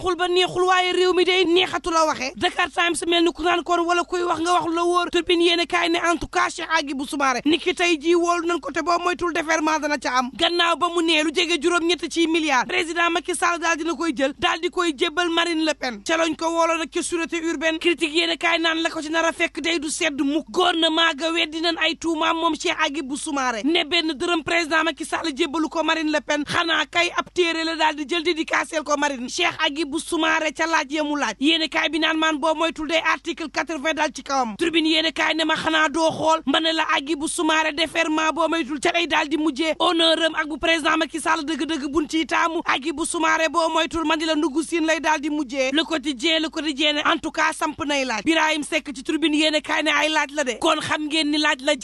neexul ba neexul waaye réew mi day neexatu la waxee Dakar Times mel ni ku naan kon wala kuy wax nga wax lu la wóor turbine yéen ne en tout cas Cheikh Agibou Soumaré ni ki tey jii woolu nañ ko te boo moytul déferment dana ca am gannaaw ba mu neelu jege juróom-ñett ci milliards président Macky Sall daal dina koy jël daal di koy jébbal marin Le Pen ca lañ ko wooloo nag ci sûreté urbaine critique yéen a kaay naan la ko ci nar fekk day du sedd mu mukk gouvernement ga weddi nañ ay tuumaam moom Cheikh Agibou Soumaré ne benn dërëm président Macky Sall jébbalu ko Marine Le Pen xanaa kay ab téere la daal di jël dédicaceel ko Marine Cheikh Agibou bu sumaare ca laaj ya laaj yéen kaay bi maan boo moytul day article 80 dal ci kawam tribune yéen kaay ne ma xanaa doo xool mba la aggi bu sumaare déferment boo moytul ca lay daal di mujjee honneur am ak bu président Macky Sall dëgg-dëgg buñ ciy taamu aggi boo moytul man di la ndugg siin lay daal di mujjee le quotidien le quotidien ne en tout samp nay laaj Birahim Seck ci tribune yéen kaay ne ay laaj la de kon xam ngeen ni laaj la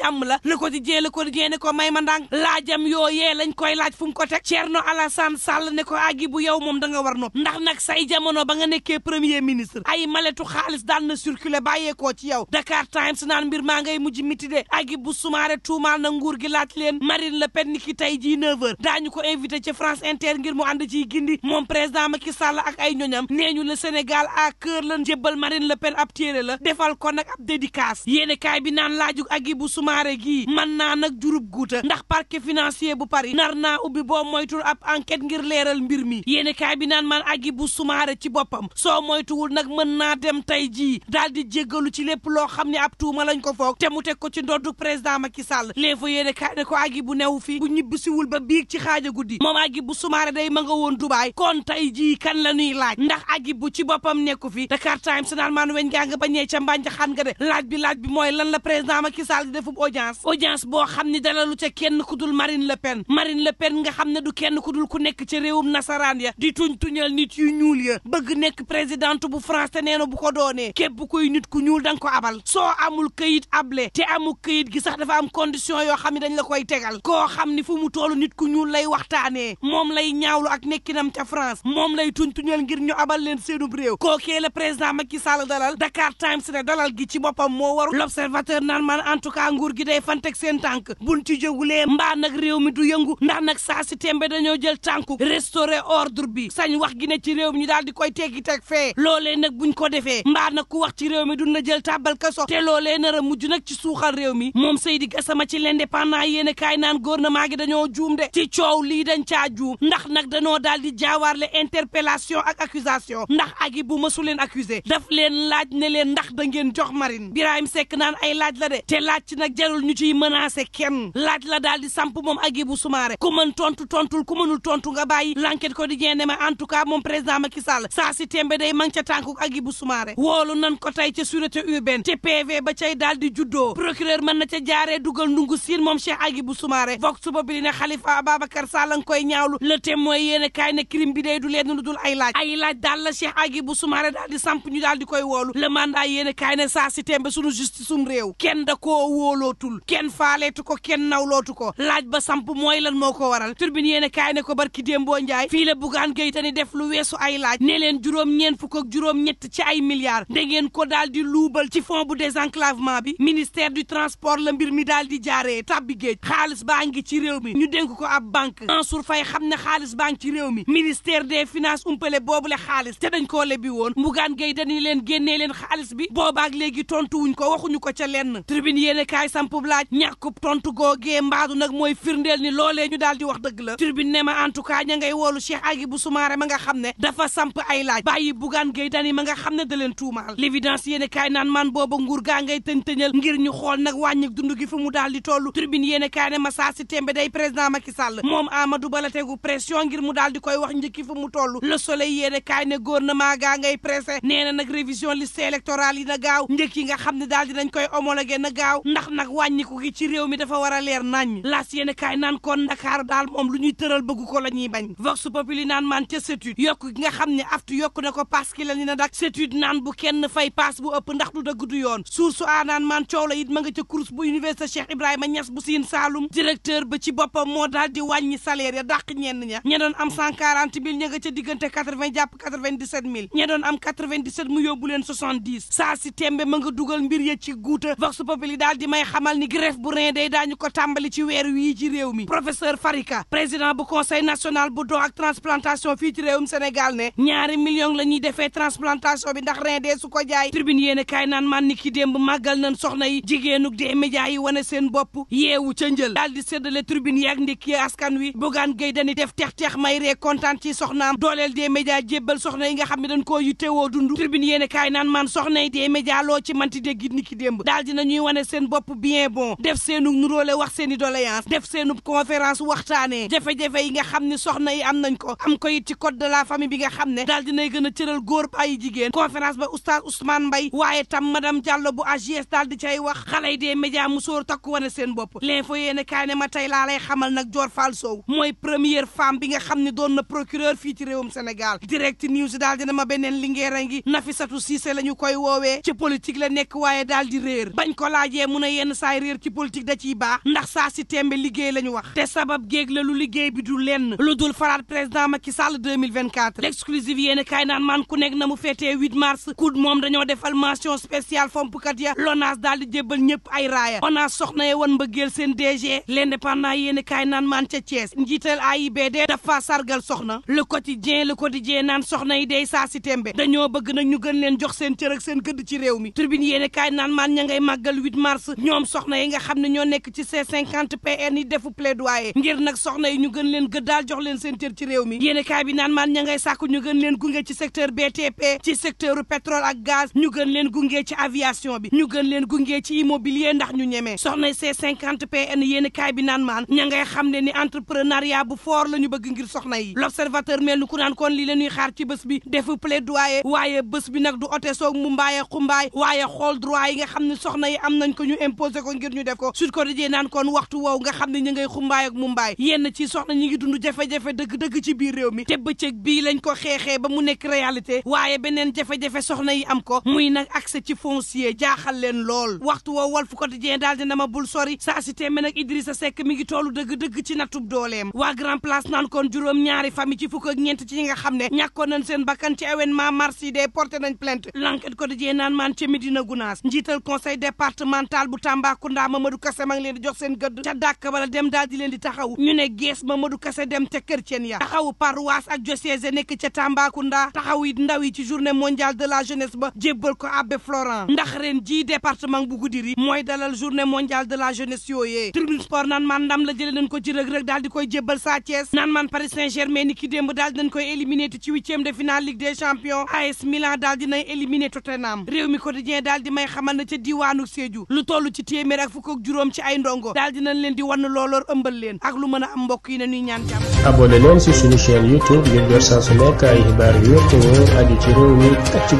ay jamono ba nga nekkee premier ministre ay maletu xaalis daan na circuler bàyyeekoo ci yow Dakar Times naan mbir maa ngay mujj miti de agi bu sumaare tuumaal na nguur gi laaj leen Marine Le Pen ni ki tey jii 9h daañu ko invité ci France Inter ngir mu ànd ciy gindi moom président Macky Sall ak ay ñoñam nee ñu le Sénégal à cœur lan jébbal marin la Pen ab téere la defal ko nag ab dédicace yéene kaay bi naan laaju agi bu sumaare gi mën naa nag jurub guuta ndax parquet financier bu Paris nar naa ubbi boo moytul ab enquête ngir leeral mbir mi Soumaré ci boppam soo moytuwul nag mën naa dem tey jii daal di jéggalu ci lépp loo xam ne ab tuuma lañ ko foog te mu teg ko ci ndoddu président Macky Sall l'info yéene kaay ne ko agi bu new fi bu ñibbisiwul ba biig ci xaaja guddi moom agi bu Soumaré day ma nga woon Dubaay kon tey jii kan la ñuy laaj ndax agi bu ci boppam nekku fi Dakar Times naan maan weñ ngaa nga bañee ca mbànja xan nga de laaj bi laaj bi mooy lan la président Macky Sall di defub audience audience boo xam ne dalalu ca kenn ku dul Marine Le Pen Marine Le nga xam ne du kenn ku dul ku nekk ca réewum nasaraan ya di tuñ tuñal nit yu ñuul ñuul ya bëgg nekk présidente bu France te nee na bu ko doonee képp kuy nit ku ñuul da nga ko abal soo amul këyit able te amul këyit gi sax dafa am condition yoo xam ne dañ la koy tegal koo xam ni fu mu toll nit ku ñuul lay waxtaanee moom lay ñaawlu ak nekkinam ca France moom lay tuñ-tuñal ngir ñu abal leen seenub réew kookee la président Macky Sall dalal Dakar Times ne dalal gi ci boppam moo waru l'observateur naan man en tout cas nguur gi day fanteg seen tànk b ci jógulee mbaa mi du yëngu ndax nag saa si tembe ñu daal di koy teggi teg fee loolee nag buñ ko defee mbaa nag ku wax ci réew mi dun na jël tàbbal kaso te loolee nar a mujj nag ci suuxal réew mi moom Seydi Gassama ci l'indépendant yéen a kaay naan goor gouvernement gi dañoo juum de ci coow lii dañ ca juum ndax nag dañoo daal di jaawaarle interpellation ak accusation ndax agi bu mësu leen accusé daf leen laaj ne leen ndax da ngeen jox marine Birahim Seck naan ay laaj la de te laaj ci nag jarul ñu ciy menacé kenn laaj la daal di samp moom agi bu sumaare ku mën tontu tontul ku mënul tontu nga bàyyi l'enquête quotidien ne ma en cas moom président Macky Macky Sall saa si tembe day mang ca tànku Hadjibou Soumaré woolu nan ko tey ca sûreté urbaine te PV ba cay daal di juddoo man na ca jaaree dugal ndungu siin moom Cheikh Hadjibou Soumaré vox suba bi ne Khalifa Ababacar Sall nga koy ñaawlu le témoin yéene kaay ne crime bi day du leen lu dul ay laaj ay laaj daal la Cheikh Hadjibou Soumaré daal di ñu daal koy woolu la mandat yéene kaay ne saa si tembe sunu justice sum réew kenn da koo wóolootul kenn faaleetu ko kenn nawlootu ko laaj ba samp mooy lan moo ko waral turbine ko barki démboo Njaay fii la bugaan lu laaj laaj ne leen juróom-ñeent fukk ak juróom-ñett ci ay milliards da ngeen ko daal di luubal ci fonds bu désenclavement bi ministère du transport la mbir mi daal di jaaree tàbbi géej xaalis baa ngi ci réew mi ñu dénk ko ab banque Mansour Faye xam ne xaalis baa ngi ci réew mi ministère des finances umpale boobule xaalis te dañ koo lebi woon Bougane Gueye dañu leen génnee leen xaalis bi boobaak léegi tontu wuñ ko waxuñu ko ca lenn tribune yéen kaay sampu laaj ñàkkub tontu goo mbaadu nag mooy firndeel ni loolee ñu daal di wax dëgg la tribune en tout cas ña ngay woolu Cheikh Agibou nga xam samp ay laaj bugaan gay dani ma nga xam ne da leen tuumaal l'évidence yéene kaay naan man booba nguur gaa ngay tëñ-tëñal ngir ñu xool nag wàññi dund gi fu mu daal di toll tribune yéene kaay ne ma saa si tembe day président Macky Sall moom Amadou Ba tegu pression ngir mu daal di koy wax njëkki fu mu toll le soleil yéene kaay ne gouvernement gaa ngay pressé nee na nag révision liste électorale yi na gaaw njëkk yi nga xam ne daal dinañ koy homologué na gaaw ndax nag wàññiku gi ci réew mi dafa war a leer nañ laas yéene kaay naan kon Dakar moom lu ñuy tëral bëgg ko la ñuy bañ vox xam ne aftu yokk na ko parce la ni na dak sétude naan bu kenn fay paas bu ëpp ndax du dëgg du yoon source aanaan man coow la it ma nga ca kurus bu université Cheikh Ibrahima Niass bu Sine Saalum directeur ba ci boppam moo daal di wàññi salaire ya dàq ñenn ña ña doon am 140 mille ña nga ca diggante 80 jàpp 97 mille ña doon am 97 mu yóbbu leen 70 saa si tembe ma nga dugal mbir ya ci guuta vox populi daal di may xamal ni grève bu ren day daañu ko tàmbali ci weer wii ci réew mi professeur Farika président bu conseil national bu don ak transplantation fii ci réewum Sénégal ne ñaari million la ñuy defee transplantation bi ndax rein dee su ko jaay tribune yéen naan man niki démb màggal nañ soxna yi jigéenuk dee média yi wane seen bopp yeewu ca njël daal di séddale tribune yaak ndékki askan wi bugaan gay dani def tex-tex may ree kontaan ci soxnaam dooleel dee média jébbal soxna yi nga xam ne dañ koo yittewoo dund tribune yéen a kaay naan man soxna yi dee média loo ci manti déggit niki démb daal di nañuy wane seen bopp bien bon def seenu nuróole wax seeni doléance def seenu conférence waxtaanee jafe-jafe yi nga xam ne soxna yi am nañ ko am xam ne dinay gën a cëral góor bàyyi jigéen conférence ba oustaz Ousmane Mbaye waaye tam madame Diallo bu AGS daal di cay wax xale yi dee média mu sóor takku wane seen bopp l'info yéene kaay ne ma tey laa xamal nag joor Fall Sow mooy première bi nga xam ne doon na procureur fii ci réewum Sénégal direct news daal dina ma beneen lingeera ngi Nafisatu Cissé la ñu koy woowee ci politique la nekk waaye daal di réer bañ ko laajee mun a yenn saay réer ci politique da ciy baax ndax saa si tembe liggéey la ñu wax te sabab géeg la lu liggéey bi du lenn lu dul faraat président Macky Sall 2024 exclusive yéen kaay naan maan ku nekk na mu feetee 8 mars kud moom dañoo defal mention spéciale fompkat ya lonaas daal di jébbal ñëpp ay raaya onaas soxna ye wan mbëggeel seen DG l'indépendant yéen kaay naan maan ca Thiès njiital AIBD dafa sargal soxna le quotidien le quotidien naan soxna yi day saa tembe dañoo bëgg nag ñu gën leen jox seen cër ak seen gëdd ci réew mi tribune yéen kaay naan maan ña màggal mars ñoom soxna yi nga xam ne ñoo nekk ci C50 PN yi defu plaidoyer ngir nag ñu gën leen gëddaal jox leen seen cër ci réew mi ñu gën leen gunge ci secteur BTP ci secteur pétrole gaz ñu gën leen gunge ci aviation bi ñu gën leen gunge ci immobilier ndax ñu ñemee soxna C50 PN yéen kaay bi naan maan ña ngay xam ne ni entrepreneuriat bu fort la ñu bëgg ngir soxna yi l'observateur mel ni ku naan kon lii la ñuy xaar ci bés bi def plaidoyer waaye bés bi nag du ote soog mu mbaaye xumbaay waaye xool droit yi nga xam ne soxna yi am nañ ko ñu imposé ko ngir ñu def ko Sud Quotidien naan kon waxtu wow nga xam ne ñu ngay xumbaay ak mumbaay yenn ci soxna ñu ngi dund jafe-jafe dëgg-dëgg ci biir réew mi te bëccëg bii lañ ko xeexee ba mu nekk réalité waaye beneen jafe-jafe soxna yi am ko muy nag accès ci foncier jaaxal leen lool waxtu woo Walf Quotidien daal dina ma bul sori saa si téeméer nag Idrissa Seck mi ngi toolu dëgg-dëgg ci nattub dooleem waa Grand Place naan kon juróom-ñaari fami ci fukk ak ñeent ci nga xam ne ñàkkoon nañ seen bakkan ci événement mars yi de porté nañ plainte L'Enquête Quotidien naan maan ca Médina Gounass njiital conseil départemental bu Tambacounda Mamadou Kassé ma ngi leen di jox seen gëdd ca dàkk bala dem daal di leen di taxaw ñu ne gees Mamadou Kassé dem ca kër ceen ak Tambacounda taxaw it ndaw yi ci journée mondiale de la jeunesse ba jébbal ko abbé Florent ndax ren jii département bu Goudiri mooy dalal journée mondiale de la jeunesse yooyee tribune sport naan man ndam la jëlee nañ ko ci rëg-rëg daal di koy jébbal Sa Thiès naan man Paris Saint-Germain ni ki démb daal dinañ koy éliminé ci huitième de finale Ligue des champions AS Milan daal dinay éliminé Tottenham réew mi quotidien daal di may xamal na ca diwaanu Sédhiou lu toll ci téeméer ak fukk ak juróom ci ay ndongo daal dinañ leen di wan looloor ëmbal leen ak lu mën a am mbokk yi na ñuy ci suñu chaîne jotaayu xibaar yi yëpp te aju ci réew mi ak ci